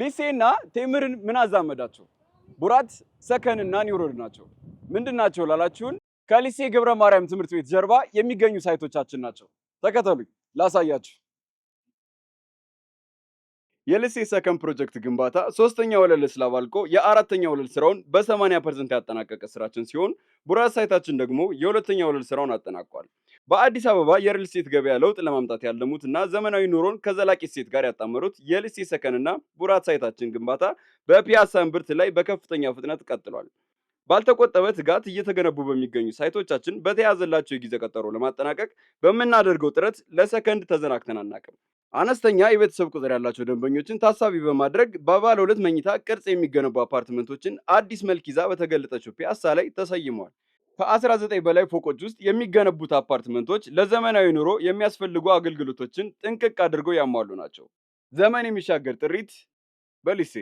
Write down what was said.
ሊሴና ቴምርን ምን አዛመዳቸው? ቡራት ሰከንና ኒውሮድ ናቸው። ምንድን ናቸው ላላችሁን ከሊሴ ገብረ ማርያም ትምህርት ቤት ጀርባ የሚገኙ ሳይቶቻችን ናቸው። ተከተሉኝ ላሳያችሁ። የሊሴ ሰከን ፕሮጀክት ግንባታ ሶስተኛ ወለል ስላብ አልቆ የአራተኛ ወለል ስራውን በ80 ፐርሰንት ያጠናቀቀ ስራችን ሲሆን ቡራት ሳይታችን ደግሞ የሁለተኛ ወለል ስራውን አጠናቋል። በአዲስ አበባ የሪል ስቴት ገበያ ለውጥ ለማምጣት ያለሙት እና ዘመናዊ ኑሮን ከዘላቂ ስቴት ጋር ያጣመሩት የሪል ስቴት ሰከንና ቡራት ሳይታችን ግንባታ በፒያሳ እምብርት ላይ በከፍተኛ ፍጥነት ቀጥሏል። ባልተቆጠበ ትጋት እየተገነቡ በሚገኙ ሳይቶቻችን በተያዘላቸው የጊዜ ቀጠሮ ለማጠናቀቅ በምናደርገው ጥረት ለሰከንድ ተዘናግተን አናቅም። አነስተኛ የቤተሰብ ቁጥር ያላቸው ደንበኞችን ታሳቢ በማድረግ በባለ ሁለት መኝታ ቅርጽ የሚገነቡ አፓርትመንቶችን አዲስ መልክ ይዛ በተገለጠችው ፒያሳ ላይ ተሰይመዋል። ከ19 በላይ ፎቆች ውስጥ የሚገነቡት አፓርትመንቶች ለዘመናዊ ኑሮ የሚያስፈልጉ አገልግሎቶችን ጥንቅቅ አድርገው ያሟሉ ናቸው። ዘመን የሚሻገር ጥሪት በሊሴ